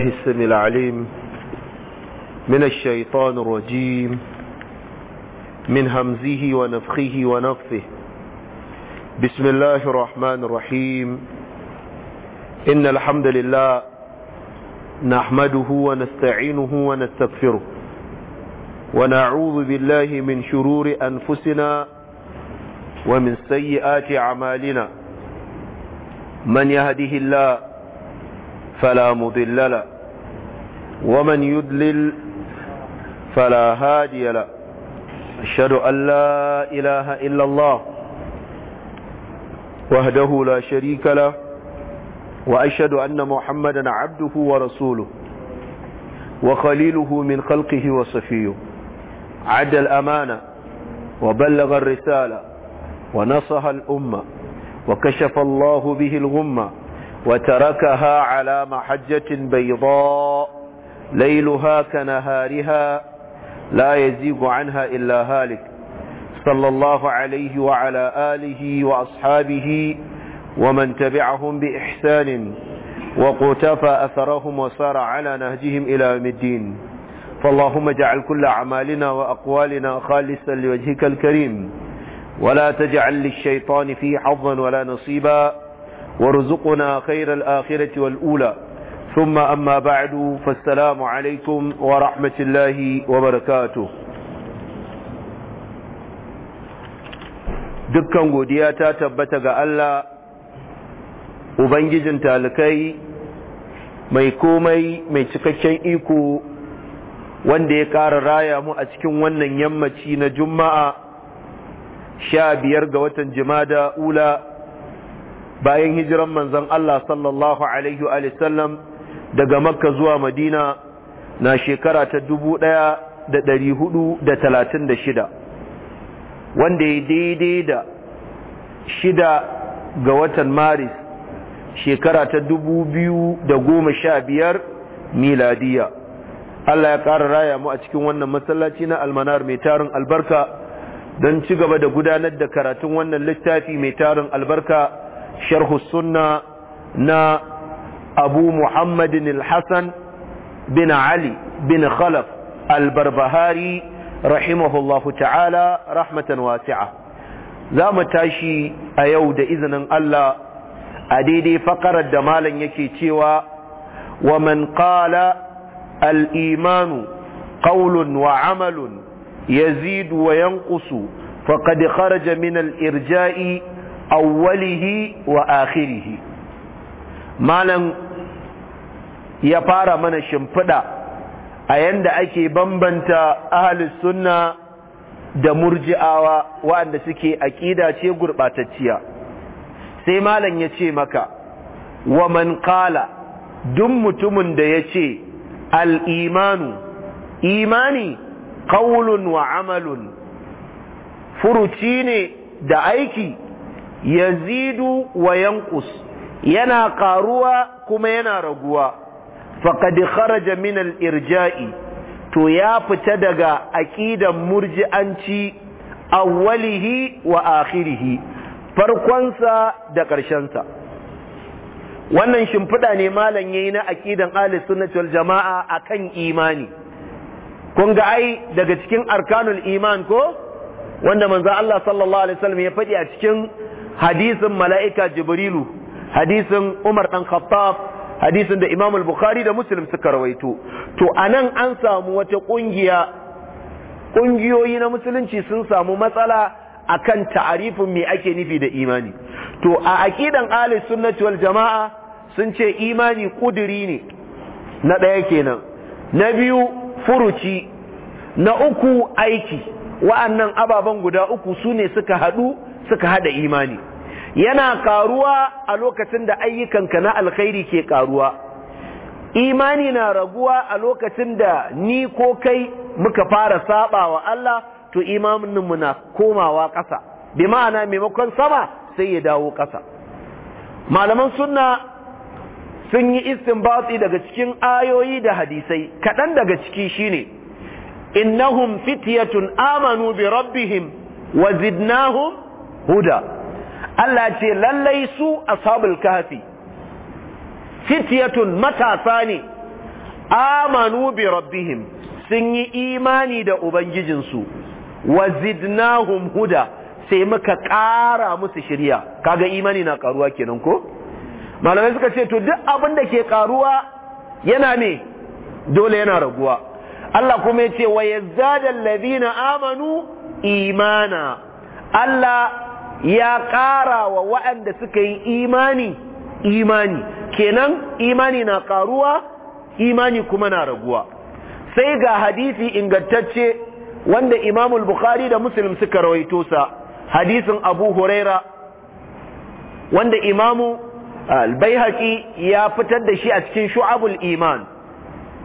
الله السميع العليم من الشيطان الرجيم من همزه ونفخه ونفثه بسم الله الرحمن الرحيم إن الحمد لله نحمده ونستعينه ونستغفره ونعوذ بالله من شرور أنفسنا ومن سيئات أعمالنا من يهده الله فلا مضل له ومن يدلل فلا هادي له أشهد أن لا إله إلا الله وهده لا شريك له وأشهد أن محمدا عبده ورسوله وخليله من خلقه وصفيه عد الأمانة وبلغ الرسالة ونصح الأمة وكشف الله به الغمة وتركها على محجة بيضاء ليلها كنهارها لا يزيغ عنها إلا هالك صلى الله عليه وعلى آله وأصحابه ومن تبعهم بإحسان وقتف أثرهم وسار على نهجهم إلى يوم الدين فاللهم اجعل كل أعمالنا وأقوالنا خالصا لوجهك الكريم ولا تجعل للشيطان فيه حظا ولا نصيبا وارزقنا خير الآخرة والأولى ثم أما بعد فالسلام عليكم ورحمة الله وبركاته dukkan godiya ta tabbata ga Allah Ubangijin talikai mai komai mai cikakken iko wanda ya ƙara raya mu a cikin wannan yammaci na juma'a sha biyar ga watan jimada ula bayan hijiran manzon Allah sallallahu Alaihi daga makka zuwa madina na shekara ta dubu ɗaya da ɗari hudu da talatin da shida wanda ya daidai da shida ga watan maris shekara ta dubu biyu da goma sha biyar miladiya Allah ya ƙara raya mu a cikin wannan masallaci na almanar mai tarin albarka don ci gaba da gudanar da karatun wannan littafi mai tarin albarka sharhu sunna na abu muhammadin al-hassan bin ali bin khalaf al-barbahari rahimahullahu ta'ala rahmatan wasi'a za mu tashi a yau da izinin Allah a daidai fakarar da malam yake cewa wa man qala al-imanu qawlun wa amalun yazidu wa yanqusu faqad kharaja min irjai awwalihi wa akhirihi malam ya fara mana shimfiɗa a yanda ake bambanta ahalus sunna da murji'awa waɗanda suke aƙida ce gurɓatacciya sai malam ya ce maka wa man qala duk mutumin da ya ce al'imanu imani ƙaulun wa amalun furuci ne da aiki yazidu wa yankus yana ƙaruwa kuma yana raguwa faqad kharaja min irjai to ya fita daga aƙidan murji'anci awwalihi wa akhirihi farkonsa da ƙarshensa wannan shimfiɗa ne malam yayi na aqidan ahli sunnati wal jama'a akan imani kun ga ai daga cikin arkanul iman ko wanda manzo Allah sallallahu alaihi wasallam ya faɗi a cikin hadisin mala'ika jibrilu hadisin Umar dan Khattab hadisin da Imam al-Bukhari da Muslim suka rawaito to anan an samu wata kungiya kungiyoyi na musulunci sun samu matsala akan ta'arifin me ake nufi da imani to a aqidan ahlus sunnati wal jamaa sun ce imani kuduri ne na ɗaya kenan na biyu furuci na uku aiki wa'annan ababan guda uku sune suka haɗu suka haɗa imani yana karuwa a lokacin da ayyukanka na alkhairi ke karuwa imani na raguwa a lokacin da ni ko kai muka fara saba wa Allah to imaninmu na komawa ƙasa bi ma'ana maimakon sama sai ya dawo ƙasa malaman sunna sun yi istinbati daga cikin ayoyi da hadisai kaɗan daga ciki shine innahum fityatun amanu bi rabbihim wa zidnahum huda Allah ce lallai su ashabul kahfi fitiyatun matasa ne amanu bi rabbihim sun yi imani da ubangijinsu wa zidnahum huda sai muka ƙara musu shirya kaga imani na karuwa kenan ko malamai suka ce to duk abin da ke karuwa yana ne dole yana raguwa Allah kuma ya ce wa yazzada amanu imana Allah ya ƙara wa waɗanda suka yi imani imani kenan imani na ƙaruwa imani kuma na raguwa sai ga hadisi ingantacce wanda imamul bukhari da muslim suka rawaito sa hadisin abu huraira wanda imamu albayhaqi ya fitar da shi a cikin shu'abul iman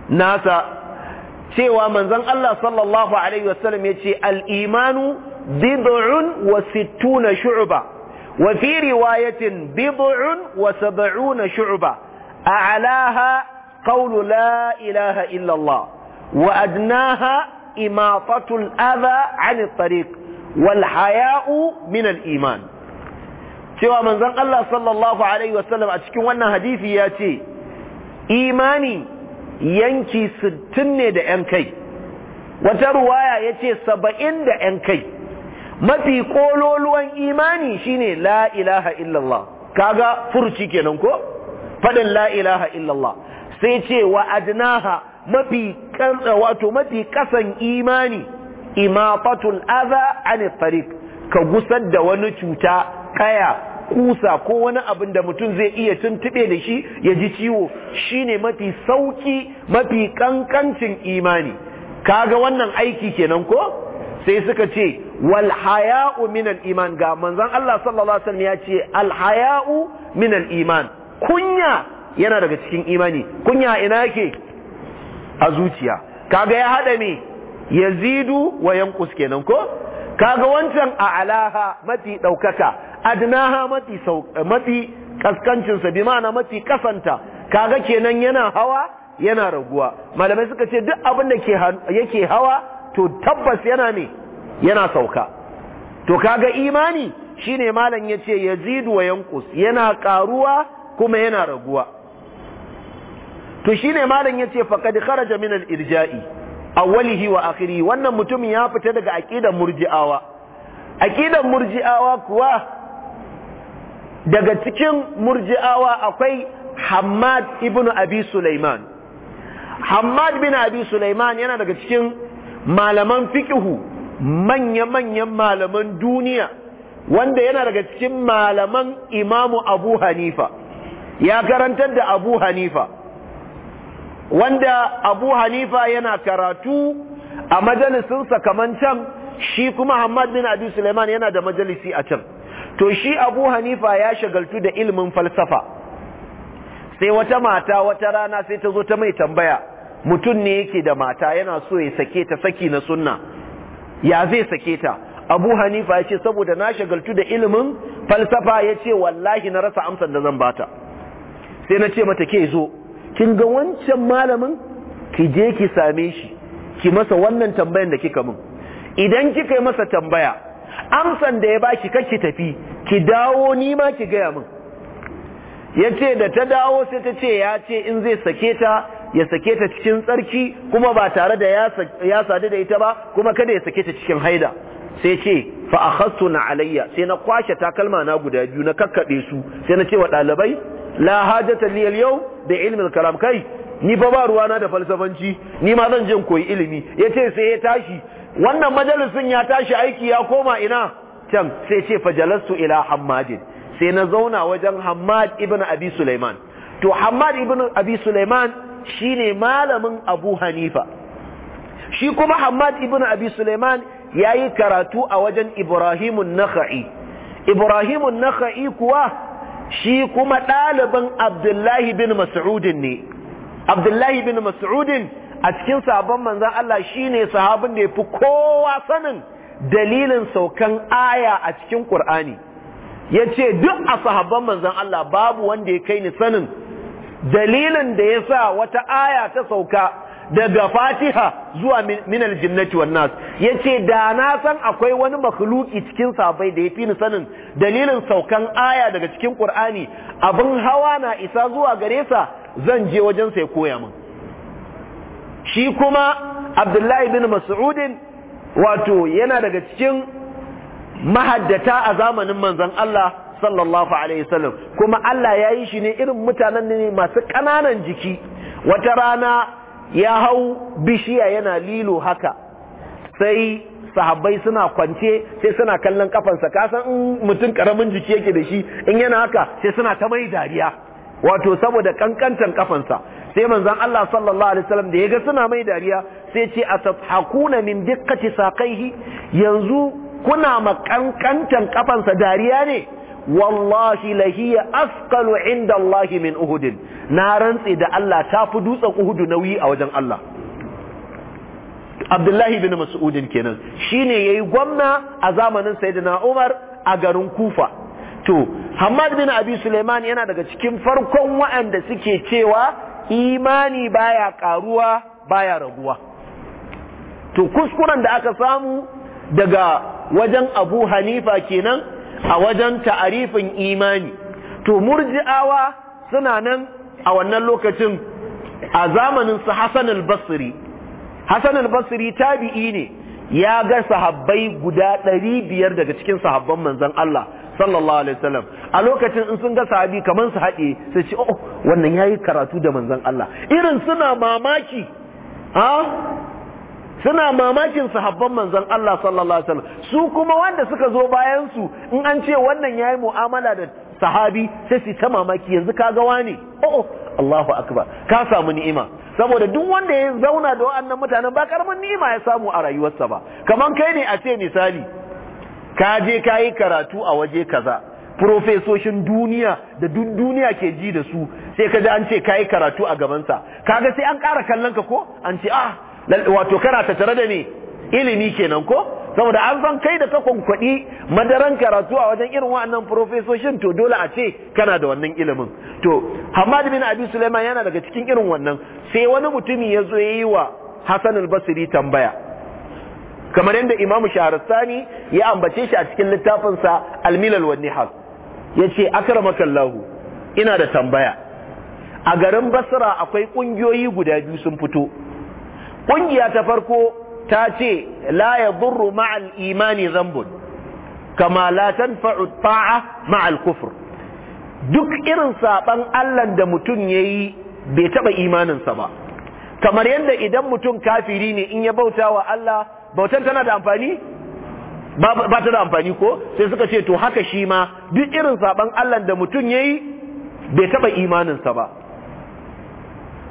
nasa cewa manzon Allah sallallahu alaihi wasallam yace al-imanu bid'un wa sittuna shu'ba wa fi riwayatin bid'un wa sab'una shu'ba a'laha qawlu la ilaha illa wa adnaha imatatu al-adha 'an wal haya'u min iman cewa manzon Allah sallallahu alaihi wasallam a cikin wannan hadisi ya ce imani yanki sittin ne da ‘yan kai, wata ruwaya ya ce saba'in da ‘yan kai, mafi kololuwan imani shine la ilaha illallah kaga furci kenan ko fadin la ilaha illallah sai ce wa adnaha mafi wato mafi kasan imani imatatul adha an tariq ka gusar da wani cuta kaya kusa ko wani abin da mutum zai iya tuntube da shi ya ji ciwo shine mafi sauki mafi kankancin imani kaga wannan aiki kenan ko sai suka ce walhaya'u minal iman ga manzon Allah sallallahu alaihi wasallam ya ce al haya'u iman kunya yana daga cikin imani kunya ina yake a zuciya kaga ya hada me yazidu wa yanqus kenan ko kaga wancan a alaha mafi daukaka adnaha mafi mafi kaskancin sa mafi kasanta kaga kenan yana hawa yana raguwa malamai suka ce duk abin da yake hawa to tabbas yana ne yana sauka to kaga imani shine malam yace yazidu wa yanqus yana karuwa kuma yana raguwa to shine malam yace faqad kharaja min al-irja'i awwalihi wa akhirihi wannan mutumin ya fita daga aqidar murji'awa aqidar murji'awa kuwa daga cikin murji'awa akwai Hammad ibn Abi Sulaiman Hammad bin Abi Sulaiman yana daga cikin malaman fikihu manya-manyan malaman duniya wanda yana daga cikin malaman imamu abu hanifa ya karantar da abu hanifa wanda abu hanifa yana karatu a majalisinsa kaman can shi kuma hamad bin abu suleiman yana da majalisi a can to shi abu hanifa ya shagaltu da ilimin falsafa sai wata mata wata rana sai ta zo ta mai tambaya mutum ne yake da mata yana so ya sake ta saki na sunna ya zai sake ta abu hanifa ya ce saboda na shagaltu da ilimin falsafa ya ce wallahi na rasa amsar da zan bata sai na ce mata ke zo kin ga wancan malamin ki je ki same shi ki masa wannan tambayan da kika mun. idan kika yi masa tambaya amsan da ya baki kake tafi ki dawo ni ma ki gaya mun. ya ce da ta dawo sai ta ce ya ce in zai sake ta ya sake ta cikin tsarki kuma ba tare da ya sadu da ita ba kuma kada ya sake ta cikin haida sai ce fa akhadtu na alayya sai na kwashe takalma na guda biyu na kakkabe su sai na ce wa dalibai la hajata li al-yawm bi ilmi kalam kai ni fa ba na da falsafanci ni ma zan jin koyi ilimi Ya ce sai ya tashi wannan majalisin ya tashi aiki ya koma ina can sai ce fa jalastu ila hammadin sai na zauna wajen hammad ibn abi sulaiman to hammad ibn abi sulaiman shine malamin Abu Hanifa shi kuma Hamad ibn Abi Sulaiman yayi karatu a wajen Ibrahim an-Nakhai Ibrahim an-Nakhai kuwa shi kuma ɗaliban Abdullahi bin Mas'ud ne Abdullahi bin Mas'ud a cikin sabon manzon Allah shine sahabin da yafi kowa sanin dalilin saukan aya a cikin Qur'ani yace duk a sahabban manzon Allah babu wanda ya kai ni sanin dalilin da ya sa wata aya ta sauka daga fatiha zuwa minal jinnati wan nas yace da na san akwai wani makhluki cikin sabai da ya fi ni sanin dalilin saukan aya daga cikin qur'ani abin hawa na isa zuwa gare sa zan je wajen sai koya min shi kuma abdullahi bin mas'ud wato yana daga cikin mahaddata a zamanin manzon Allah sallallahu alaihi wasallam kuma Allah ya yi shi ne irin mutanen ne masu ƙananan jiki wata rana ya hau bishiya yana lilo haka sai sahabbai suna kwance sai suna kallon kafansa kasan in mutum karamin jiki yake da shi in yana haka sai suna ta mai dariya wato saboda kankantan kafansa sai manzon Allah sallallahu alaihi wasallam da yaga suna mai dariya sai ce atadhakuna min diqqati saqaihi yanzu kuna makankantan kafansa dariya ne wallahi lahiya asqalu inda Allah min uhud na rantse da Allah ta fi dutsen uhud nauyi a wajen Allah Abdullahi bin Mas'udin kenan shine yayi gwamna a zamanin Sayyidina Umar a garin Kufa to Hamad bin Abi Suleiman yana daga cikin farkon waɗanda suke cewa imani baya karuwa baya raguwa to kuskuren da aka samu daga wajen Abu Hanifa kenan a wajen ta'arifin imani to murji'awa suna nan a wannan lokacin a zamanin su Hassan al-Basri Hassan al-Basri tabi'i ne ya ga sahabbai guda 500 daga cikin sahabban manzon Allah sallallahu alaihi wasallam a lokacin in sun ga sahabi kaman su haɗe su ce oh wannan yayi karatu da manzon Allah irin suna mamaki ha suna mamakin sahabban manzon Allah sallallahu alaihi wasallam su kuma wanda suka zo bayan su in an ce wannan yayi mu'amala da sahabi sai su ta mamaki yanzu kaga wani oh Allahu akbar ka samu ni'ima saboda duk wanda ya zauna da wannan mutanen ba karamin ni'ima ya samu a rayuwarsa ba kaman kai ne a ce misali ka je kayi karatu a waje kaza profesoshin duniya da duk duniya ke ji da su sai ka ji an ce kayi karatu a gabansa kaga sai an ƙara kallon ka ko an ce ah wato kana tattare da ni ilimi kenan ko saboda an san kai da ka kwankwadi madaran karatu a wajen irin wa'annan profesoshin to dole a ce kana da wannan ilimin to hamad bin abi sulaiman yana daga cikin irin wannan sai wani mutumi ya zo ya wa hasan al-basri tambaya kamar yadda imamu shaharastani ya ambace shi a cikin littafinsa al-milal wa nihal ya ce akramakallahu ina da tambaya a garin basra akwai ƙungiyoyi guda biyu sun fito ƙungiya ta farko ta ce la ya burru ma'al imani zambun kama la tanfa'u ta'a ma'al kufur duk irin saɓan Allah da mutum yayi bai taba imaninsa ba kamar yadda idan mutum kafiri ne in ya bauta wa Allah bautan tana da amfani ba ta da amfani ko sai suka ce to haka shi ma duk irin saban Allah da mutum yayi bai taɓa imaninsa ba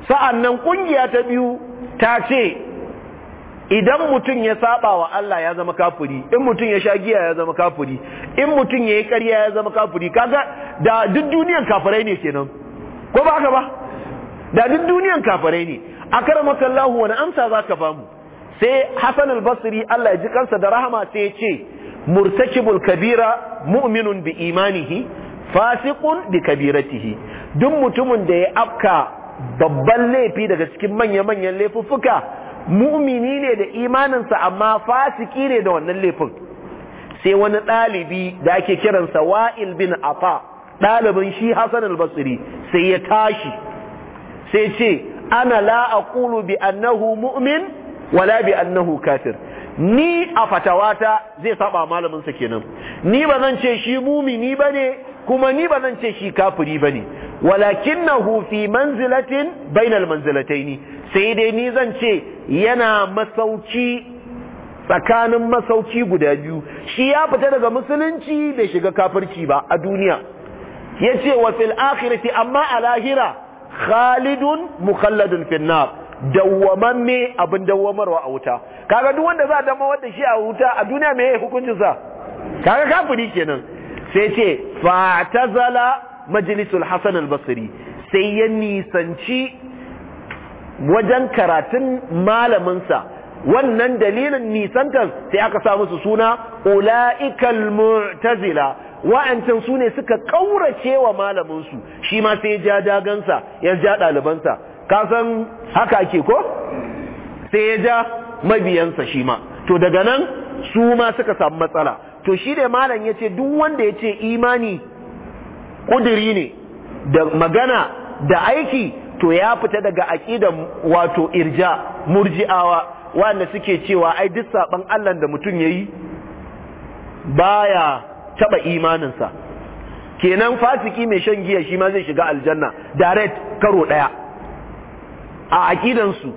sa'annan ƙungiya ta biyu ta ce idan mutum ya saba wa Allah ya zama kafuri in mutum ya sha giya ya zama kafuri in mutum ya yi ƙarya ya zama kafuri kaga da duk duniyan kafirai ne kenan ko ba ka ba da duk duniyan kafirai ne a akramaka Allah wani amsa za ka bamu sai Hassan al-Basri Allah ya ji kansa da rahama sai ya ce murtakibul kabira mu'minun bi imanihi fasiqun bi kabiratihi duk mutumin da ya afka babban laifi daga cikin manya-manyan laifuffuka mu'mini ne da imaninsa amma fasiki ne da wannan laifin sai wani ɗalibi da ake kiransa wa'il bin afa ɗalibin shi hassan al sai ya tashi sai ce ana la aqulu bi annahu mu'min wala bi annahu kafir ni a fatawata zai saba malaminsa kenan ni ba zan ce shi mumini ne. kuma ni ba zan ce shi kafiri ba ne na hufi manzilatin bainal ne sai dai ni zan ce yana masauki tsakanin masauki guda biyu shi ya fita daga musulunci bai shiga kafirci ba a duniya yace wa fil akhirati amma a lahira khalidun mukhalladun finna nar dawwamamme abin dawwamarwa a wuta kaga duk wanda za a dama wanda shi a wuta a duniya me hukuncin sa kaga kafiri kenan sai ce fatazala majalisul hasan al-basri sai ya nisanci wajen karatun malaminsa wannan dalilin nisantar sai aka sa musu suna ula'ikal mu'tazila wa'ancan su ne suka kaurace wa malaminsu shi ma sai ja dagansa ya ja ɗalibansa kasan haka ake ko sai ya ja mabiyansa shi ma to daga nan su ma suka samu matsala to shi da malam ya ce duk wanda ya ce imani ƙuduri ne da magana da aiki to ya fita daga aƙidan wato irja murji'awa wanda suke cewa ai duk saban allah da mutum yayi yi baya taɓa imaninsa kenan fasiki mai shan giya shi ma zai shiga aljanna direct karo ɗaya a aƙidansu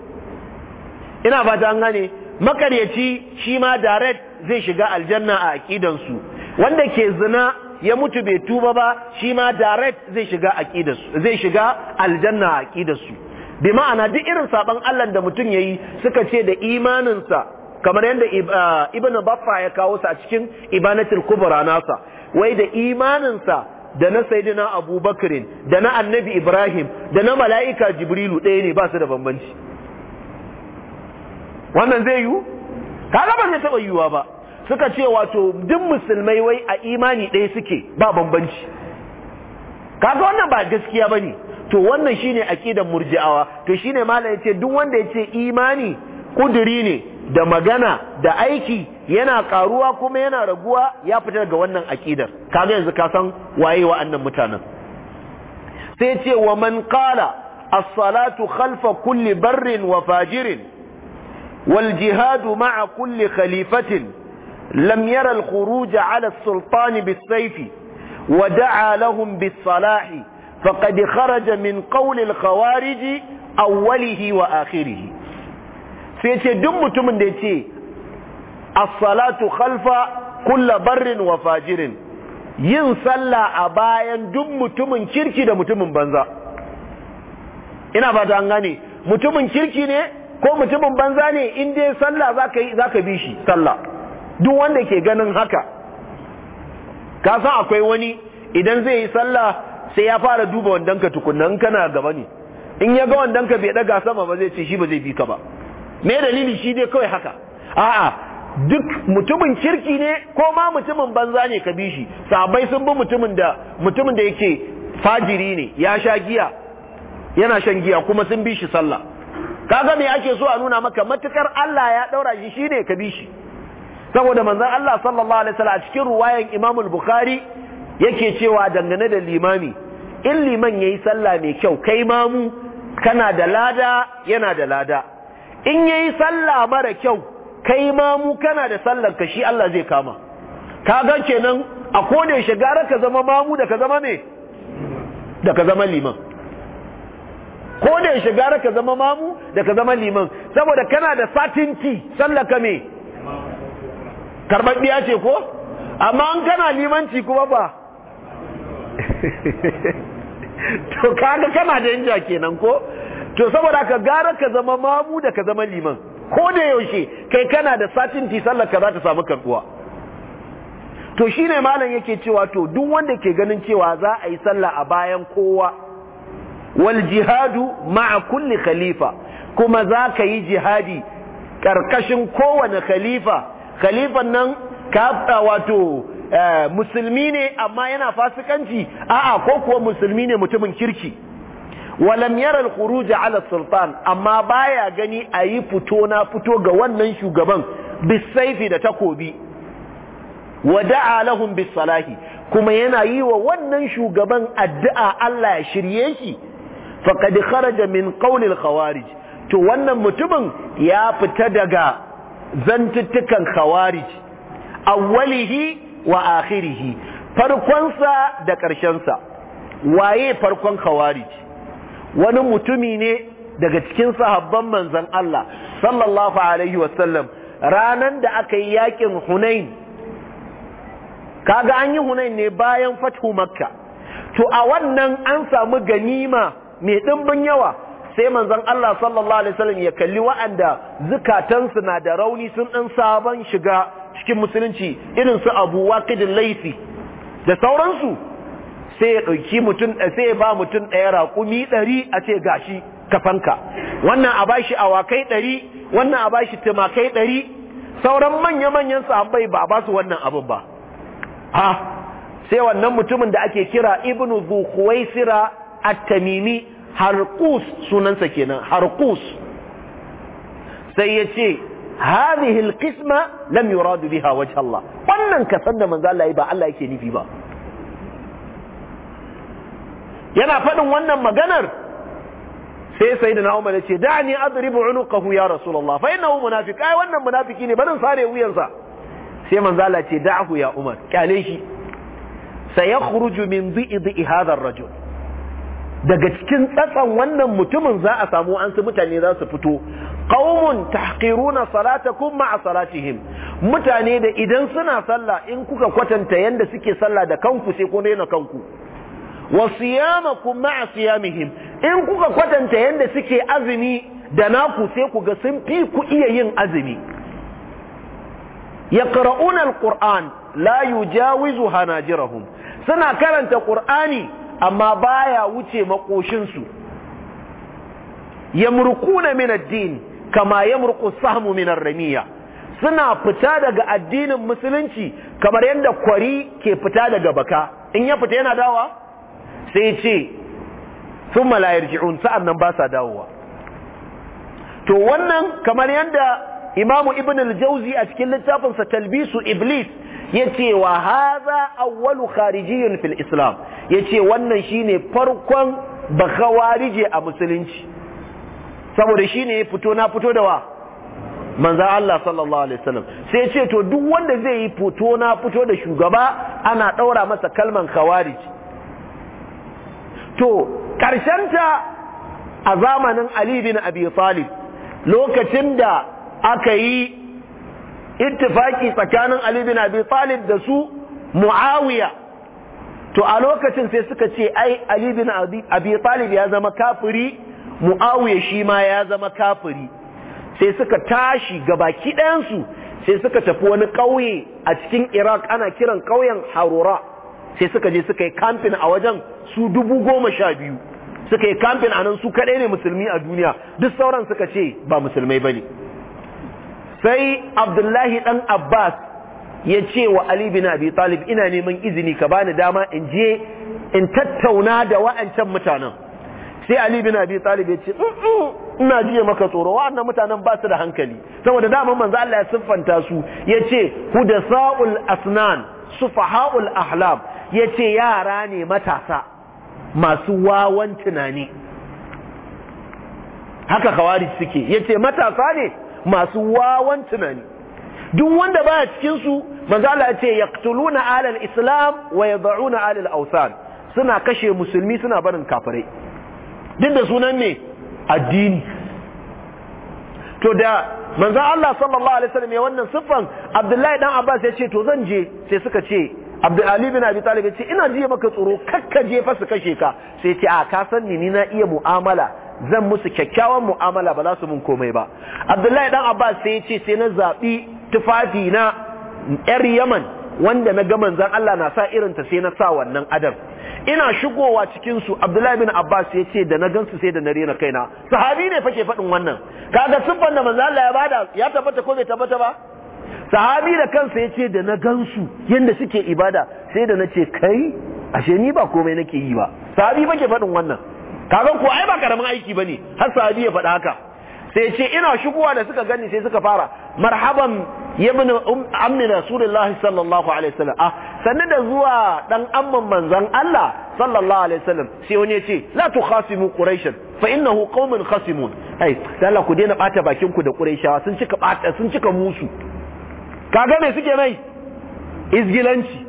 ina fata ta an gane makaryaci shi ma direct zai shiga aljanna a aqidansu wanda ke zina ya mutu bai tuba ba shi ma direct zai shiga aqidansu zai shiga aljanna a aqidansu bi ma'ana duk irin saban Allah da mutum yayi suka ce da imaninsa kamar yadda ibnu baffa ya kawo su a cikin ibanatul kubra nasa wai da imaninsa da na sayyidina Abubakar da na annabi ibrahim da na mala'ika jibrilu ɗaya ne ba su da bambanci wannan zai yiwu kaga ban ya taba yiwuwa ba suka ce wato duk musulmai wai a imani ɗaya suke ba bambanci kaga wannan ba gaskiya bane to wannan shine aqidar murji'awa to shine malam yace duk wanda yace imani ƙuduri ne da magana da aiki yana karuwa kuma yana raguwa ya fita daga wannan aqidar kaga yanzu ka san waye wa'annan mutanen sai yace wa man qala as-salatu khalfa kulli barrin wa fajirin والجهاد مع كل خليفة لم يرى الخروج على السلطان بالسيف ودعا لهم بالصلاح فقد خرج من قول الخوارج أوله وآخره سيتي دم تمن ديتي الصلاة خلف كل بر وفاجر yin sallah a bayan duk mutumin kirki da mutumin banza ina fata an gane mutumin kirki ne ko mutumin banza ne in dai sallah zaka yi zaka bi shi sallah duk wanda ke ganin haka ka san akwai wani idan zai yi sallah sai ya fara duba ka tukunna in kana gaba ne in ya ga ka bai daga sama ba zai ce shi ba zai bi ka ba me dalili shi dai kawai haka a'a duk mutumin kirki ne ko ma mutumin banza ne ka bi shi sabai sun bi mutumin da mutumin da yake fajiri ne ya sha giya yana shan giya kuma sun bi shi sallah kaga me ake so a nuna maka matukar Allah ya daura shi shine ka bi shi saboda manzon Allah sallallahu alaihi wasallam a cikin ruwayan Imam al-Bukhari yake cewa dangane da limami in liman yayi sallah mai kyau kai mamu kana da lada yana da lada in yayi sallah mara kyau kai mamu kana da sallar ka shi Allah zai kama kaga kenan a kode gara ka zama mamu da ka zama me da ka zama liman ko da ya shiga ka zama mamu da ka zama liman saboda kana da satinti sallaka me karbabbiya ce ko amma an kana limanci kuma ba to kaga kana da inja kenan ko to saboda ka gara ka zama mamu da ka zama liman ko da yaushe kai kana da satinti sallaka za ta samu karbuwa to shine malam yake cewa to duk wanda ke ganin cewa za a yi sallah a bayan kowa wal jihadu ma'a kulli khalifa kuma za ka yi jihadi ƙarƙashin kowane khalifa khalifan nan ka wato musulmi ne amma yana fasikanci a'a ko kuwa musulmi ne mutumin kirki walam yara al-khuruj ala sultan amma baya gani ayi fito na fito ga wannan shugaban bisaifi da takobi wada'a lahum bis salahi kuma yana yi wa wannan shugaban addu'a Allah ya shirye shi faqad kharaja min qawli al-khawarij to wannan mutumin ya fita daga zantuttukan khawarij awwalihi wa akhirihi farkonsa da ƙarshensa waye farkon khawarij wani mutumi ne daga cikin sahabban manzon Allah sallallahu alaihi wasallam ranan da aka yi yakin Hunain kaga an yi Hunain ne bayan fathu Makka to a wannan an samu ganima mai dimbin yawa sai manzon Allah sallallahu alaihi wasallam ya kalli wa'anda zukatansu na da rauni sun dan sabon shiga cikin musulunci irin su Abu Waqid al-Laythi da sauransu sai ya dauki mutun eh, sai ya ba mutun daya raƙumi 100 a ce gashi kafanka wannan a bashi awakai 100 wannan a bashi tumakai 100 sauran manya-manyan sahabbai ba ba su wannan abin ba ha sai wannan mutumin da ake kira Ibn Zuhwaisira at-tamimi harqus sunansa kenan harqus sai ya ce hadhihi al-qisma lam Allah wannan kasan da manzo Allah ba Allah yake nifi ba yana faɗin wannan maganar sai sayyidina Umar ya ce da'ni adribu unuqahu ya rasulullah fa innahu munafiq ai wannan munafiki ne barin sare wuyansa sai manzo Allah ce da'ahu ya Umar kyale shi sayakhruju min dhi'i hadha ar-rajul daga cikin tsatsan wannan mutumin za a samu an su mutane za su fito qaumun tahqiruna salatakum ma'a salatihim mutane da idan suna sallah in kuka kwatanta yadda suke sallah da kanku sai ku kanku wa siyamakum ma'a siyamihim in kuka kwatanta yadda suke azumi da naku sai ku ga sun fi ku iya yin azumi yaqra'una alquran la yujawizu hanajirahum suna karanta qur'ani amma baya wuce makoshinsu ya min ad kama ya sahmu min ar-ramiya suna fita daga addinin musulunci kamar yadda kwari ke fita daga baka in ya fita yana dawa sai ce thumma la yarji'un sa'annan ba sa dawowa to wannan kamar yadda imamu ibn al-jauzi a cikin littafinsa talbisu iblis yace wa hadha awwalu kharijiyyun fil islam yace wannan shine farkon bakawarije a musulunci saboda shine fito na fito da wa manzan Allah sallallahu Alaihi wasallam sai ce to duk wanda zai yi fito na fito da shugaba ana ɗaura masa kalman khawarij to ta a zamanin Ali bin Abi Talib lokacin da aka yi ittifaki tsakanin Ali bin Abi Talib da su Muawiya to a lokacin sai suka ce ai Ali bin Abi Talib ya zama kafiri Muawiya shi ma ya zama kafiri sai suka tashi ga gabaki ɗayansu sai suka tafi wani ƙauye a cikin Iraq ana kiran ƙauyen Harura sai suka je suka yi kamfin a wajen su dubu goma sha biyu suka yi kamfin a nan su kaɗai ne musulmi a duniya duk sauran suka ce ba musulmai bane. sai abdullahi dan abbas ya ce wa ali bin abi talib ina neman izini ka bani dama in je in tattauna da wa'ancan mutanen sai ali bin abi talib ya ce ina jiye maka tsoro wa'annan mutanen ba su da hankali saboda dama manzo Allah ya siffanta su yace hudasaul asnan sufahaul ahlam yace yara ne matasa masu wawan tunani haka kawari suke yace matasa ne masu wawan tunani duk wanda baya cikin su manzo Allah ya ce yaqtuluna alal islam wa yad'una alal awsan suna kashe musulmi suna barin kafirai duk da sunan ne addini to da manzo Allah sallallahu alaihi wasallam ya wannan siffan Abdullahi dan Abbas ya ce to zan je sai suka ce Abdul Ali bin Abi Talib ya ce ina jiya maka tsoro kakka je fa su kashe ka sai ya ce a ka san ni na iya mu'amala zan musu kyakkyawan mu'amala ba za su mun komai ba abdullahi dan abbas sai ya ce sai na zaɓi tufafi na yar yaman wanda na ga manzon Allah na sa irin ta sai na sa wannan adam ina shigowa cikin su abdullahi bin abbas ya ce da na gansu sai da na rena kaina sahabi ne fa ke faɗin wannan kaga siffan da manzon Allah ya bada ya tabbata ko bai tabbata ba sahabi da kansa ya ce da na gansu yadda suke ibada sai da na ce kai ashe ni ba komai nake yi ba sahabi ba ke faɗin wannan kagan ko ai ba karamin aiki bane har sahabi ya faɗa haka sai ce ina shigowa da suka gani sai suka fara marhaban yabni um, ammi rasulullahi sallallahu alaihi wasallam ah sannan da zuwa dan amman manzon Allah sallallahu alaihi wasallam sai wani yace la tukhasimu quraish fa innahu qaumun khasimun ai Allah ku daina bata bakin ku da quraishawa sun cika bata sun cika musu kaga me suke mai izgilanci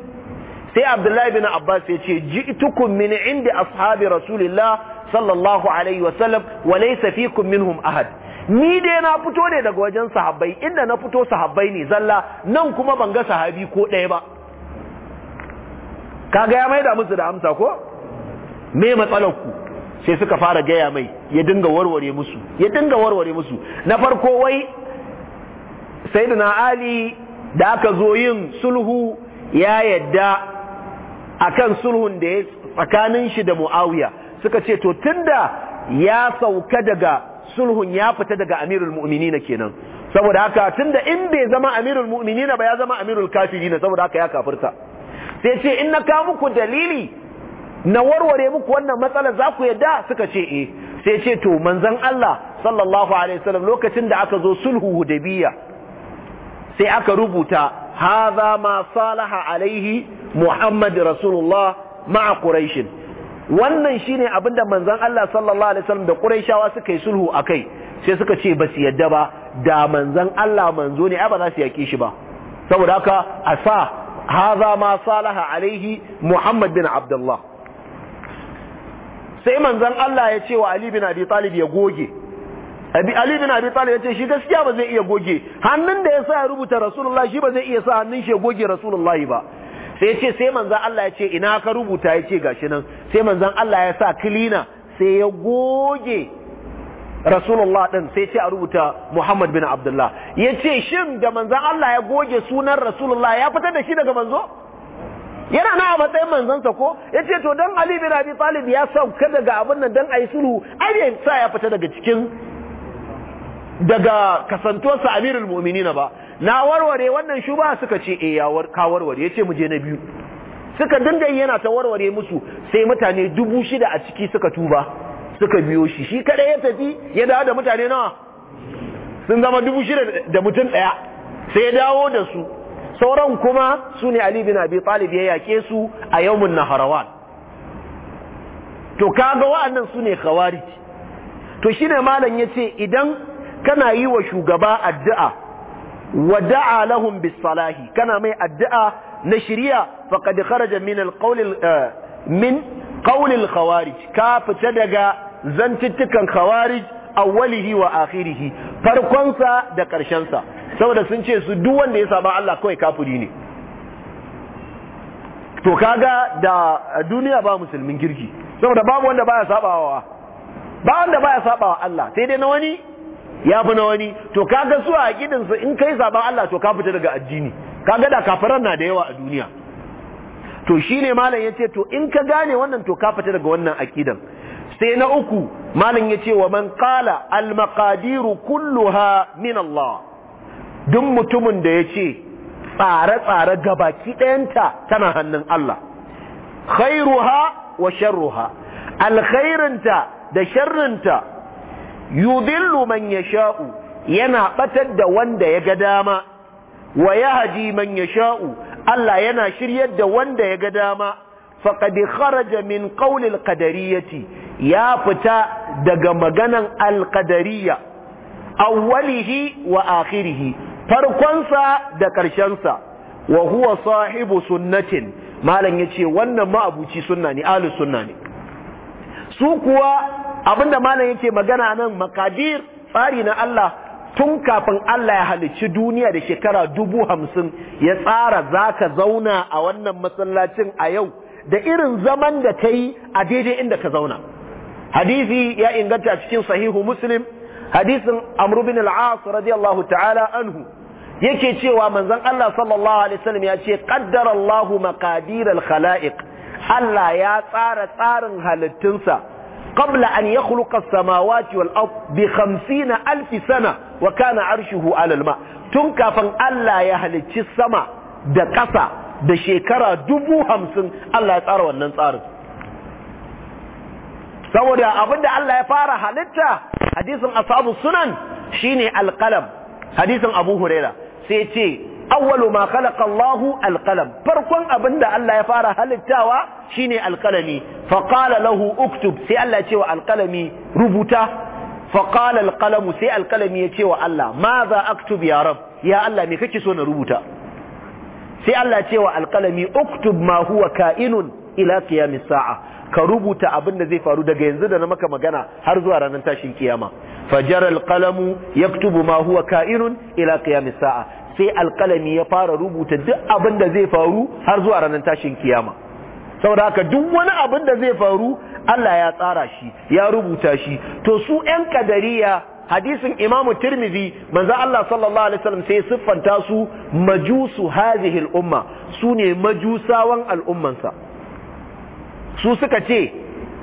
sai Abdullahi bin Abbas yace ji'tukum min indi ashabi rasulillah sallallahu alaihi wasallam wa laysa fikum minhum ahad ni dai na fito ne daga wajen sahabbai inda na fito sahabbai ne zalla nan kuma ban ga sahabi ko ɗaya ba kaga ya maida musu da amsa ko me matsalar ku sai suka fara gaya mai ya dinga warware musu ya dinga warware musu na farko wai sayyidina ali da aka zo yin sulhu ya yadda akan sulhun da ya tsakanin shi da muawiya suka ce to tunda ya sauka daga sulhun ya fita daga amirul mu'minina kenan saboda haka tunda in bai zama amirul mu'minina ba ya zama amirul kafirina saboda haka ya kafirta sai ce in na ka muku dalili na warware muku wannan matsala za ku yadda suka ce eh sai ce to manzon Allah sallallahu alaihi wasallam lokacin da aka zo sulhu hudaybiya sai aka rubuta hadha ma salaha alaihi muhammad rasulullah ma'a quraish wannan shine abin da manzon Allah sallallahu alaihi wasallam da Quraishawa suka yi sulhu akai sai suka ce ba su yadda ba da manzon Allah manzo ne ai ba za su yaki shi ba saboda haka asa hadha ma salaha alaihi Muhammad bin Abdullah sai manzon Allah ya ce wa Ali bin Abi Talib ya goge Abi Ali bin Abi Talib ya ce shi gaskiya ba zai iya goge hannun da ya sa ya rubuta Rasulullah shi ba zai iya sa hannun shi ya goge Rasulullahi ba sai ce sai manzan Allah ya ce ina ka rubuta ya ce gashi nan sai manzan Allah ya sa kilina sai ya goge rasulullah din sai ce a rubuta muhammad bin abdullah ya ce shin da manzan Allah ya goge sunan rasulullah ya fitar da shi daga manzo yana na a matsayin manzansa ko ya ce to don ali bin abi talib ya sauka daga abin nan don a yi sulhu ai sa ya fita daga cikin daga kasantuwarsa amirul mu'minina ba na warware wannan shuba suka ce eh ya ka warware yace mu je na biyu suka dinga yana ta warware musu sai mutane dubu shida a ciki suka tuba suka biyo shi shi kada ya tafi ya dawo da mutane nawa sun zama dubu shida da mutum daya sai ya dawo da su sauran kuma su ne Ali bin Abi Talib ya yake su a yawmun Naharawan to kaga wa'annan su ne khawarij to shine malam yace idan kana yi wa shugaba addu'a wa da'a lahum bis salahi kana mai addu'a na shiriya faqad kharaja min al eh, min qawl al ka fita daga zantuttukan khawarij awwalihi wa akhirihi farkon sa da karshen sa saboda sun ce su duk wanda ya saba Allah kawai kafiri ne to kaga da duniya ba musulmin kirki saboda babu wanda baya sabawa ba wanda baya sabawa Allah sai dai na wani ya fi na wani to kaga su a aƙidinsu in kai zaɓen Allah to ka fita daga addini kaga da kafaran na da yawa a duniya to shi ne malam ya ce to in ka gane wannan to ka fita daga wannan aƙidan sai na uku malam ya ce wa man kala al kullu kulluha min Allah duk mutumin da ya ce tsare-tsare gabaki ɗayanta tana hannun Allah khairuha wa sharruha alkhairinta da sharrinta yudillu man yasha'u yana ɓatar da wanda ya ga dama wa yahdi man yasha'u Allah yana shiryar da wanda ya ga dama faƙadi kharaja min qawli al ya fita daga maganan al awwalihi wa akhirihi farkonsa da ƙarshensa wa huwa sahibu sunnatin malam yace wannan ma'abuci sunna ne alu sunna ne su kuwa abinda malam yake magana nan makadir tsari na Allah tun kafin Allah ya halicci duniya da shekara dubu hamsin ya tsara za ka zauna a wannan masallacin a yau da irin zaman da ka yi a daidai inda ka zauna hadisi ya inganta cikin sahihu muslim hadisin amru bin al'as radiyallahu ta'ala anhu yake cewa manzon Allah sallallahu alaihi wasallam ya ce qaddara Allahu maqadir al-khalaiq Allah ya tsara tsarin halittunsa Kabla an yakhluqa as-samawati wal ard bi 50 alf sana wa kana arshuhu ala tun kafin Allah ya halicci sama da ƙasa da shekara dubu hamsin Allah ya tsara wannan tsarin saboda abinda Allah ya fara halitta hadisin ashabu sunan shine alqalam hadisin Abu Huraira sai ce awwalu ma khalaqa Allahu alqalam farkon abin da Allah ya fara halittawa shine alkalami fa qala lahu uktub sai Allah ya ce wa alqalami rubuta fa qala sai alkalami ya ce wa Allah ma za aktub ya rab ya Allah me kake so na rubuta sai Allah ya ce wa alqalami uktub ma huwa ka'inun ila qiyamis sa'a ka rubuta abin da zai faru daga yanzu da na maka magana har zuwa ranar tashin kiyama fajar kalamu yaktubu ma huwa ka'inun ila qiyamis sa'a sai alkalami ya fara rubuta duk abin da zai faru har zuwa ranar tashin kiyama saboda haka duk wani abin da zai faru Allah ya tsara shi ya rubuta shi to su ƴan kadariya hadisin imamu tirmidhi manzo Allah sallallahu alaihi wasallam sai siffanta su majusu hadhihi al-umma su ne majusawan al'ummansa su suka ce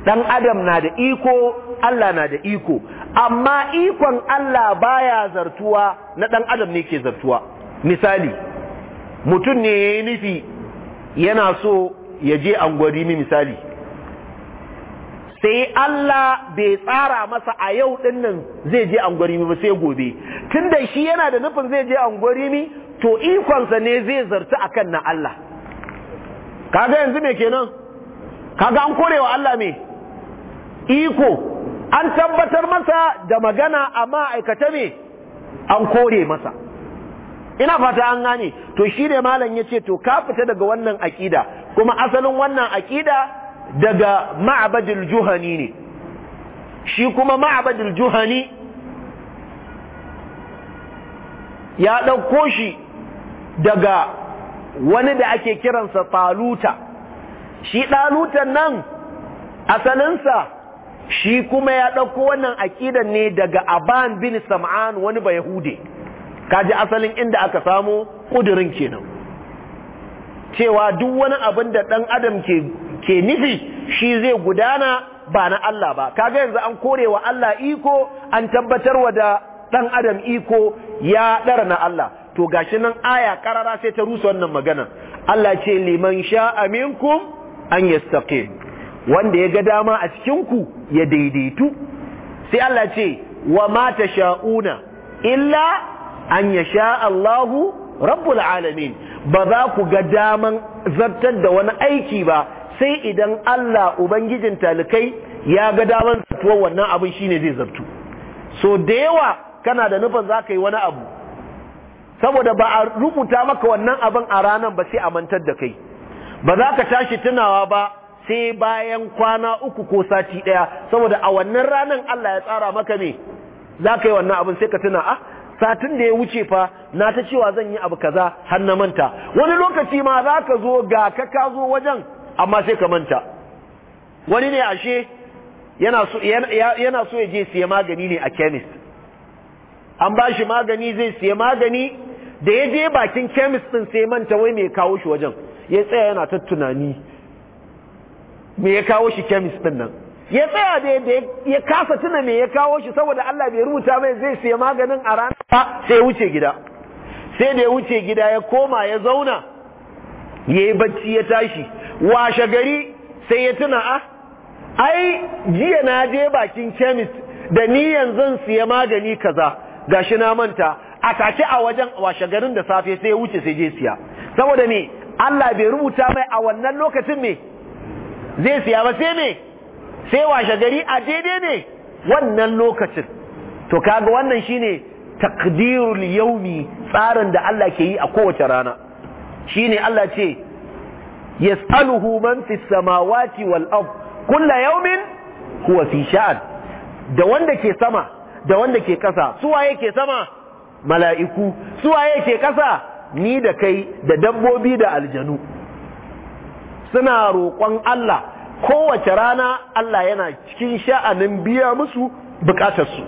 dan adam na da iko Allah na da iko amma ikon Allah baya zartuwa na dan adam ne ke zartuwa misali mutum ne ya yi nufi yana so ya je angwarimi misali sai Allah bai tsara masa a yau din nan zai je angwarimi ba sai gobe tun da shi yana da nufin zai je angwarimi to ikonsa ne zai zarta a kan na Allah kaga yanzu me kenan kaga an kore wa Allah me iko an tabbatar masa da magana amma aikata me an kore masa ina fata an gane to shi ne malam ya ce to ka fita daga wannan aƙida kuma asalin wannan aƙida daga ma'abadul juhani ne shi kuma ma'abadul juhani ya ɗauko shi daga wani da ake kiransa Faluta. shi ɗalutan nan asalinsa shi kuma ya ɗauko wannan aƙidan ne daga aban bin sam'an wani bayahude yahude kaji asalin inda aka samu ƙudurin kenan cewa duk wani abin da dan adam ke ke nufi shi zai gudana ba na Allah ba kaga yanzu an korewa Allah iko an tabbatar wa da dan adam iko ya dara na Allah to gashi nan aya karara sai ta rusa wannan magana Allah ce liman sha'a minkum an yastaqim wanda ya ga dama a cikin ku ya daidaitu sai Allah ce wa ma tasha'una illa an ya sha Allahu rabbul alamin ba za ku ga daman zartar da wani aiki ba sai idan Allah ubangijin talikai ya ga daman zartuwar wannan abin shine zai zartu so da yawa kana da nufin za ka yi wani abu saboda ba a rubuta maka wannan abin a ranan ba sai a mantar da kai ba za ka tashi tunawa ba sai bayan kwana uku ko sati ɗaya saboda a wannan ranan Allah ya tsara maka ne za ka yi wannan abin sai ka tuna ah satin da ya wuce fa na ta cewa zan yi abu kaza har na manta wani lokaci ma za ka zo ga ka ka zo wajen amma sai ka manta wani ne ashe yana so yana so ya je siya magani ne a chemist an ba shi magani zai siya magani da ya je bakin chemist din sai manta wai mai kawo shi wajen ya tsaya yana ta tunani me ya kawo shi chemist din nan ya tsaya da ya kasa tuna me ya kawo shi saboda Allah bai rubuta mai zai siya maganin a ranar. ba sai wuce gida sai da ya wuce gida ya koma ya zauna ya yi bacci ya tashi washe gari sai ya tuna a ah, ai jiya na je bakin chemist da yanzu zan siya magani kaza shi na manta a take a wajen washe garin da safe sai ya wuce sai je siya saboda me Allah bai rubuta mai a wannan lokacin me zai siya ba sai me sai washe gari a daidai ne wannan lokacin to kaga wannan shine takdirul yaumi tsarin da Allah ke yi a kowace rana shine Allah ce yas'aluhu man fis samawati wal ard kullu yawmin huwa fi sha'an da wanda ke sama da wanda ke kasa waye ke sama mala'iku Su waye ke kasa ni da kai da dabbobi da aljanu suna roƙon Allah kowace rana Allah yana cikin sha'anin biya musu bukatarsu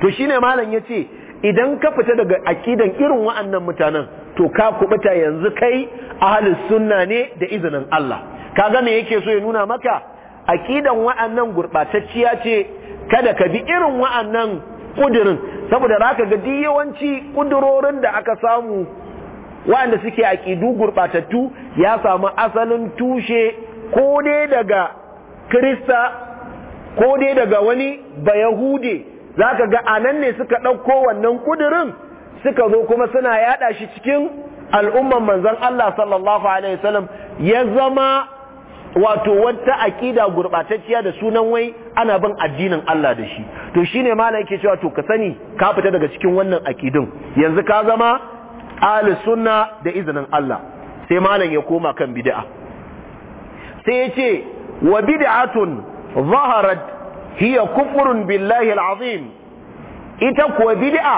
to shine malam yace idan ka fita daga aƙidan irin wa'annan mutanen to ka kubuta yanzu kai ahlus sunna ne da izinin Allah kaga me yake so ya nuna maka aƙidan wa'annan gurbatacciya ce kada ka bi irin wa'annan ƙudurin saboda zaka ga duk yawanci kudurorin da aka samu wa'anda suke aƙidu gurɓatattu ya samu asalin tushe ko dai daga krista ko dai daga wani bayahude za ka ga anan ne suka ɗauko wannan kudurin, suka zo kuma suna yaɗa shi cikin al'umman manzan Allah sallallahu alaihi wasallam ya zama wato wata aƙida gurɓatacciya da sunan wai ana bin addinin Allah da shi to shi ne malam yake cewa to ka sani ka fita daga cikin wannan aƙidun yanzu ka zama alisunna sunna da izinin Allah sai malam ya koma kan bida'a. sai ya ce wa bid'atun zaharat hiya kufrun billahi al'azim ita kuwa bid'a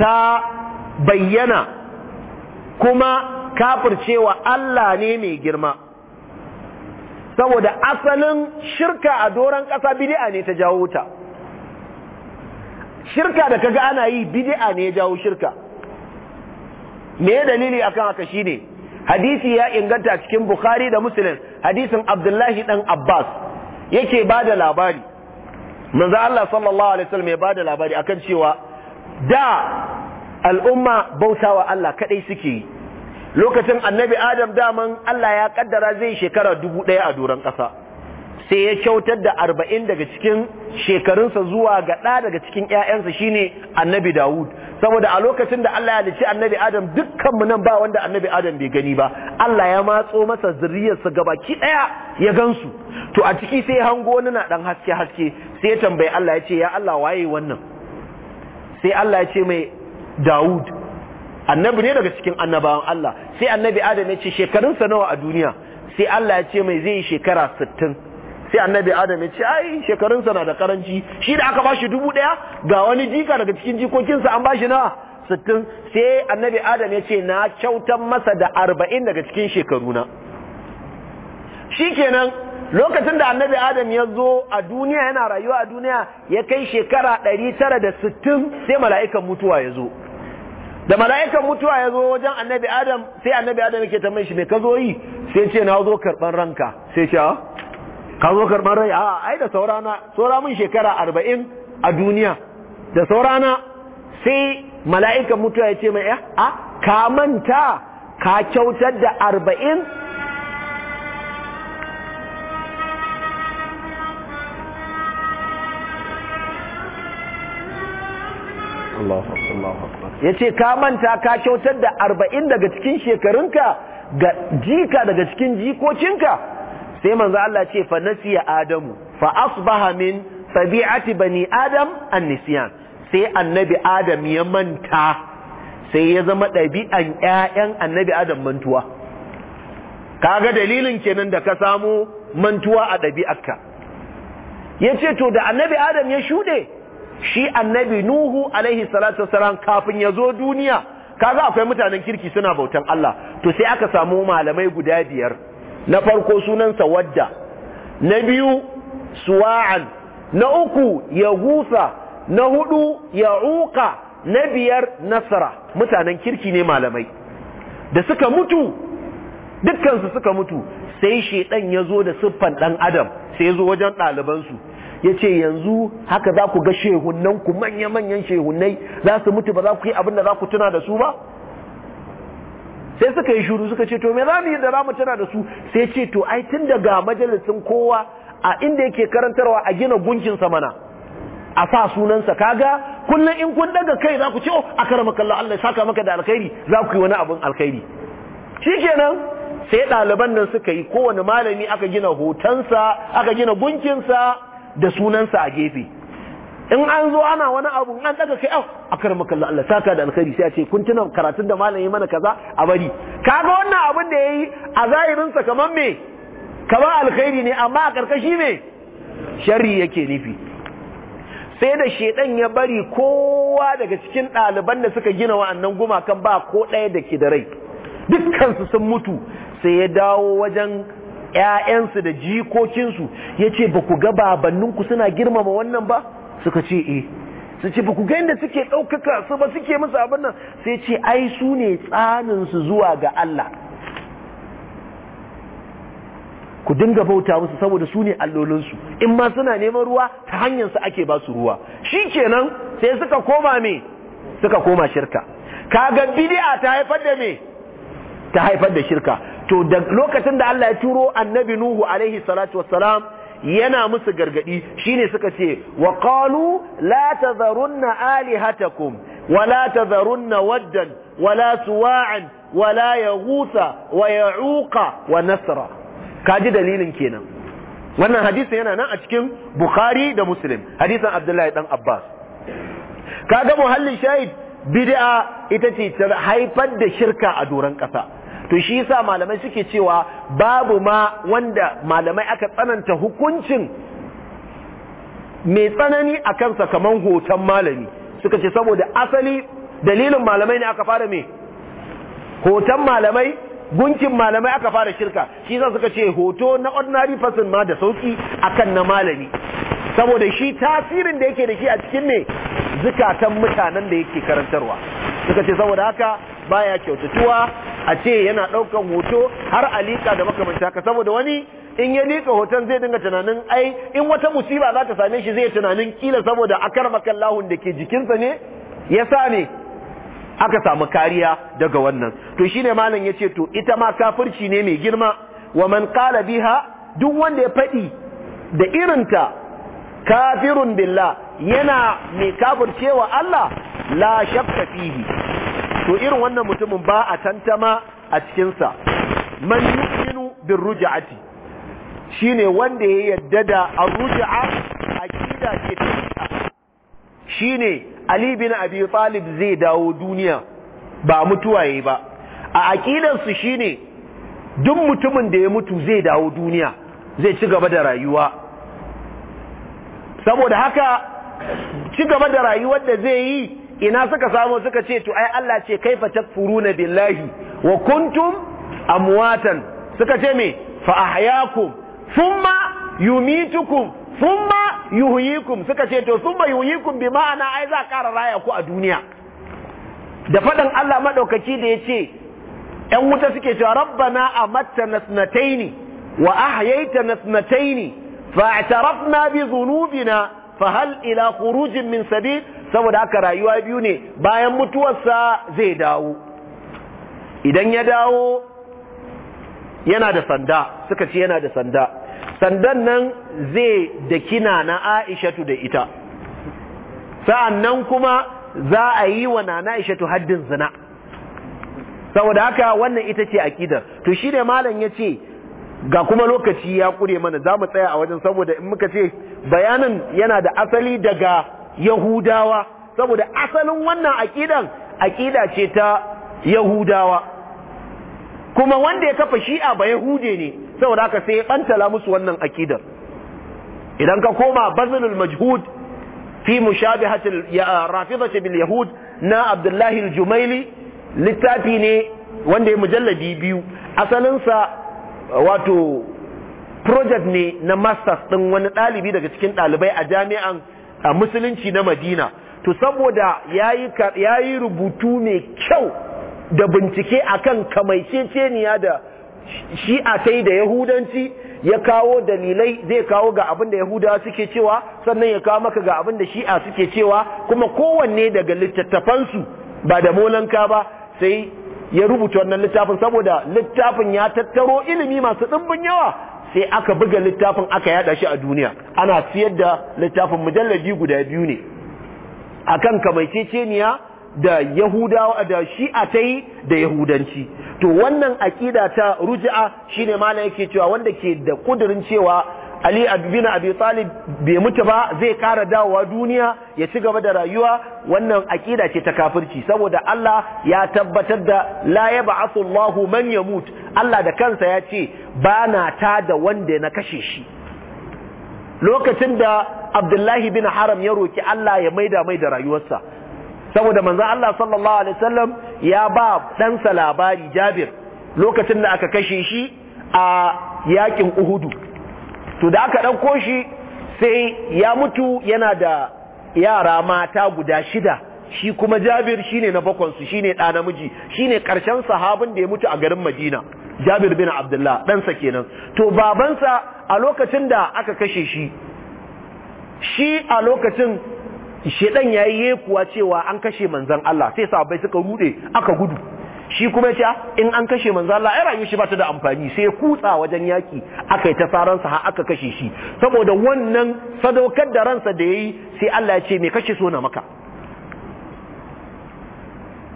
ta bayyana kuma kafircewa Allah ne mai girma saboda asalin shirka a doran ƙasa bid'a ne ta jawo ta shirka da kaga ana yi bid'a ne ya jawo shirka me dalili akan haka shine hadisi ya inganta cikin bukhari da muslim hadisin abdullahi dan abbas yake ba da labari manzo Allah sallallahu alaihi wasallam ya ba da labari akan cewa da al'umma bautawa Allah kadai suke yi lokacin annabi adam daman Allah ya kaddara zai shekara dubu ɗaya a doron ƙasa sai ya kyautar da arba'in daga cikin shekarunsa zuwa ga ɗa daga cikin ‘ya'yansa shine annabi Dawud saboda a lokacin da Allah ya halici annabi Adam dukkan mu nan ba wanda annabi Adam bai gani ba Allah ya matso masa zuriyarsa gabaki ɗaya ya gansu to a ciki sai hango wani na ɗan haske haske sai ya tambayi Allah ya ce ya Allah waye wannan sai Allah ya ce mai Dawud annabi ne daga cikin annabawan Allah sai annabi Adam ya ce shekarunsa nawa a duniya sai Allah ya ce mai zai yi shekara sittin sai annabi adam ya ce ai shekarunsa na da karanci shi da aka bashi dubu ɗaya ga wani jika daga cikin jikokinsa an bashi na sittin sai annabi adam ya ce na kyautan masa da arba'in daga cikin shekaruna shi kenan lokacin da annabi adam ya zo a duniya yana rayuwa a duniya ya kai shekara ɗari tara da sittin sai mala'ikan mutuwa ya zo da mala'ikan mutuwa ya zo wajen annabi adam sai annabi adam yake tambayin shi mai ka zo yi sai ce na zo karban ranka sai ce ah, ka zo karɓar rai a ai da saurana saura mun shekara arba'in a duniya da saurana sai mala'ikan mutuwa ya ce mai ya a ka manta ka kyautar da arba'in ya ce ka manta ka kyautar da arba'in daga cikin shekarunka ga jika daga cikin jikokinka sai manzo Allah ce fa nasiya adamu fa asbaha min tabi'ati bani adam an-nisyan sai annabi adam ya manta sai ya zama ɗabi'an ƴaƴan annabi adam mantuwa kaga dalilin kenan da ka samu mantuwa a ɗabi'arka yace to da annabi adam ya shude shi annabi nuhu alaihi salatu wasalam kafin ya zo duniya kaga akwai mutanen kirki suna bautan Allah to sai aka samu malamai guda biyar na farko sunansa wadda na biyu suwa'an na uku yahusa na hudu ya'uka na biyar nasara mutanen kirki ne malamai da suka mutu dukkansu suka mutu sai shedan ya zo da siffan dan adam sai ya zo wajen ɗalibansu ya ce yanzu haka za ku ga shehunanku manya-manyan shehunai za su mutu ba za ku yi abin da za ku tuna da su ba sai suka yi shuru suka ce to me za mu yi da za mu tana da su sai ce to ai tun daga majalisin kowa a inda yake karantarwa a gina gunkinsa mana a sa sunansa kaga kullum in kun daga kai za ku ce oh a karama kallon Allah ya saka maka da alkhairi za ku yi wani abin alkhairi shikenan sai ɗaliban nan suka yi kowane malami aka gina hotonsa aka gina gunkinsa da sunansa a gefe in an zo ana wani abu an daga kai au a kar kallon Allah saka da alkhairi sai a ce kun tuna karatun da malami mana kaza a bari kaga wannan abin da yayi a zahirin sa kaman me kaba alkhairi ne amma a karkashi me sharri yake nufi sai da shedan ya bari kowa daga cikin ɗaliban da suka gina wa'annan gumakan ba ko ɗaya da ke da rai dukkan su sun mutu sai ya dawo wajen ‘ya'yansu da jikokinsu ya ce ba ku ga babanninku suna girmama wannan ba suka ce eh su ce ba ku ga inda suke ɗaukaka su ba suke musu abin nan sai ce ai su ne tsaninsu zuwa ga Allah ku dinga bauta musu saboda su ne allolinsu in ma suna neman ruwa ta hanyarsu ake ba su ruwa shi kenan sai suka koma me suka koma shirka kaga bid'a ta haifar da me ta haifar da shirka to da lokacin da Allah ya turo annabi Nuhu alaihi salatu wassalam yana musu gargadi shine suka ce wa qalu la tadharunna alihatakum wa la tadharunna waddan wa la suwa'an wa la yaghutha wa ya'uqa wa nasra kaji dalilin kenan wannan hadisin yana nan a cikin bukhari da muslim hadisin abdullahi dan abbas kaga muhallin shahid bid'a ita ce ta haifar da shirka a doron kasa to shi yasa malamai suke cewa babu ma wanda malamai aka tsananta hukuncin mai tsanani a kansa kamar hoton malami suka ce saboda asali dalilin malamai ne aka fara mai. hoton malamai gunkin malamai aka fara shirka shi yasa suka ce hoto na ordinary person ma da sauki akan na malami saboda shi tasirin da yake da shi a cikin ne zukatan mutanen da yake karantarwa suka ce saboda haka baya kyautatuwa a ce yana ɗaukan hoto har a liƙa da makamanta haka saboda wani in ya liƙa hoton zai dinga tunanin ai in wata musiba za ta same shi zai tunanin kila saboda akar lahun da ke jikinsa ne ya sa ne aka samu kariya daga wannan to shine malam ya ce to ita ma kafirci ne mai girma wa man qala biha duk wanda ya faɗi da irinta kafirun billah yana mai kafircewa Allah la shakka fihi to irin wannan mutumin ba a tantama a cikinsa man yu'minu bin ruja'ati shine wanda ya yadda da arruja'a aqida ke ta shine ali bin abi talib zai dawo duniya ba mutuwa yayi ba a akidan su shine duk mutumin da ya mutu zai dawo duniya zai ci gaba da rayuwa saboda haka ci gaba da rayuwar da zai yi ina suka samu suka ce to ai Allah ce kaifa takfuruna billahi wa kuntum amwatan suka ce me fa ahyaakum thumma yumitukum thumma yuhyikum suka ce to thumma yuhyikum bi ma'ana ai za ƙara raya ku a duniya da fadan Allah madaukaki da yace ƴan wuta suke cewa rabbana amatta nasnataini wa ahyaytana nasnataini fa'tarafna bi dhunubina fa hal ila khurujin min sabil saboda haka rayuwa biyu ne bayan mutuwarsa zai dawo idan ya dawo yana da sanda suka ce yana da sanda sandan nan zai da kina na aishatu da ita sa'an nan kuma za a yi wa na aishatu haddin zina saboda haka wannan ita ce akidar to shi ne malam ya ce ga kuma lokaci ya kure mana za mu tsaya a wajen saboda in muka ce bayanin yana da asali daga yahudawa saboda asalin wannan aƙidan aƙida ce ta yahudawa kuma wanda ya kafa shi'a ba yahude ne saboda haka sai ya ɓantala musu wannan aƙidar idan ka koma bazilul majhud fi mushabihatil rafidati bil yahud na abdullahi al-jumaili littafi ne wanda ya mujallabi biyu asalinsa wato project ne na masters ɗin wani ɗalibi daga cikin ɗalibai a jami'an musulunci na madina to saboda ya yi rubutu mai kyau da bincike a akan kamaiceceniya da shi'a ta da yahudanci ya kawo dalilai zai kawo ga abin da yahudawa suke cewa sannan ya kawo maka ga abin da shi'a suke cewa kuma kowanne daga littattafansu ba da molanka ba sai ya rubuta wannan littafin saboda littafin ya tattaro ilimi masu ɗimbin yawa sai aka buga littafin aka yada shi a duniya ana siyar da littafin mujalladi guda biyu ne akan ceceniya da yahudawa da shi'a ta yi da yahudanci to wannan aƙida ta ruji'a shine malam yake cewa wanda ke da kudirin cewa Ali bin Abi Talib bai mutu ba zai kara dawowa duniya ya ci gaba da rayuwa wannan akida ce ta kafirci saboda Allah ya tabbatar da la yab'athu Allahu man yamut Allah da kansa ya ce ba na ta da wanda na kashe shi lokacin da Abdullahi bin Haram ya roki Allah ya maida mai da rayuwarsa saboda manzon Allah sallallahu alaihi wasallam ya ba ɗansa labari Jabir lokacin da aka kashe shi a yakin Uhudu to da aka ɗauko shi sai ya mutu yana da yara mata guda shida shi kuma jabir shine na bakwansu shine ɗa namiji shine ƙarshen sahabin da ya mutu a garin madina jabir bin abdullah ɗansa kenan to babansa a lokacin da aka kashe shi shi a lokacin shedan yayi yekuwa cewa an kashe manzon Allah sai sahabbai suka rude aka gudu shi kuma ya ce ah, in an kashe manzo Allah ai rayuwar shi ba ta da amfani sai ya kutsa wajen yaki akai yi ta sa har aka kashe shi saboda wannan sadaukar da ransa da yayi sai Allah ya ce me kashe so na maka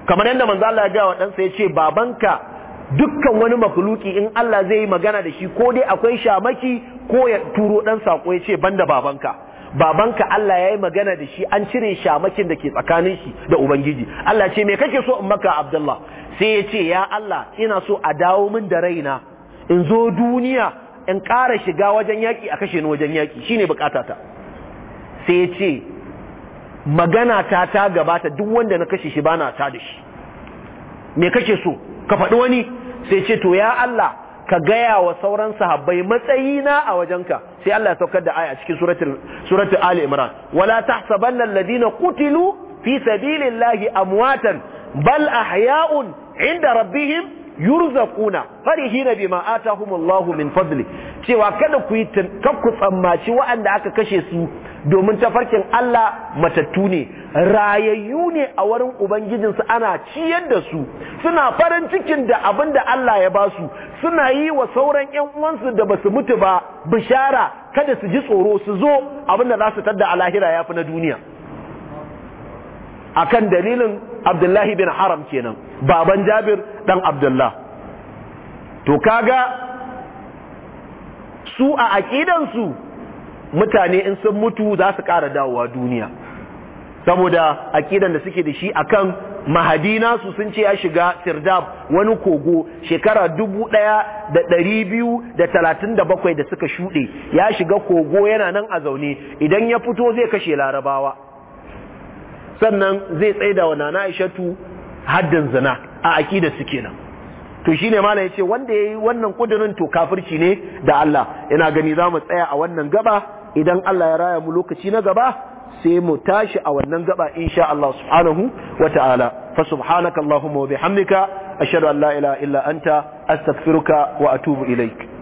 kamar yadda manzo Allah ya ga wa ɗansa ya ce babanka dukkan wani makhluki in Allah zai yi magana da shi ko dai akwai shamaki ko ya turo ɗan sako ya ce banda babanka babanka Allah ya yi magana da shi an cire shamakin da ke tsakanin shi da Ubangiji Allah ce me kake so in maka Abdullah sai ya ce ya Allah ina so a dawo min da raina in zo duniya in ƙara shiga wajen yaƙi a kashe ni wajen yaƙi Shi shine bukatata sai ya ce magana ta ta gabata duk wanda na kashe shi bana ta da shi me kake so ka faɗi wani sai ce to ya Allah ka gaya wa sauran sahabbai matsayina a wajenka sai Allah ya saukar da aya cikin suratul Ali Imran wala tahsabanna alladhina qutilu fi sabilillahi amwatan bal ahya'un 'inda rabbihim yurzaquna farihina bima atahumullahu min fadli cewa kada ku yi ku tsammaci waɗanda aka kashe su domin tafarkin Allah matattu ne rayayyu ne a wurin ubangijinsu ana ciyar da su suna farin cikin da abin da Allah ya ba su suna yi wa sauran 'yan uwansu da basu mutu ba bishara kada su ji tsoro su zo abin da za su tadda a lahira yafi na duniya akan dalilin Abdullahi bin Haram kenan baban Jabir dan Abdullah to kaga su a aqidansu mutane in sun mutu za su ƙara dawowa duniya saboda aƙidan da suke da shi akan mahadi su sun ce ya shiga sirdab wani kogo shekara dubu ɗaya da ɗari biyu da talatin da bakwai da suka shuɗe ya shiga kogo yana nan a zaune idan ya fito zai kashe larabawa sannan zai tsaida wa nana aishatu haddin zina a aƙida suke nan. to shi ne mana ya ce wanda ya yi wannan kudirin to kafirci ne da Allah ina gani mu tsaya a wannan gaba idan Allah ya raya mu lokaci na gaba sai mu tashi a wannan gaba insha Allah subhanahu wa ta'ala fa subhanaka wa bihamdika ashhadu an la ilaha illa anta astaghfiruka wa atubu ilaik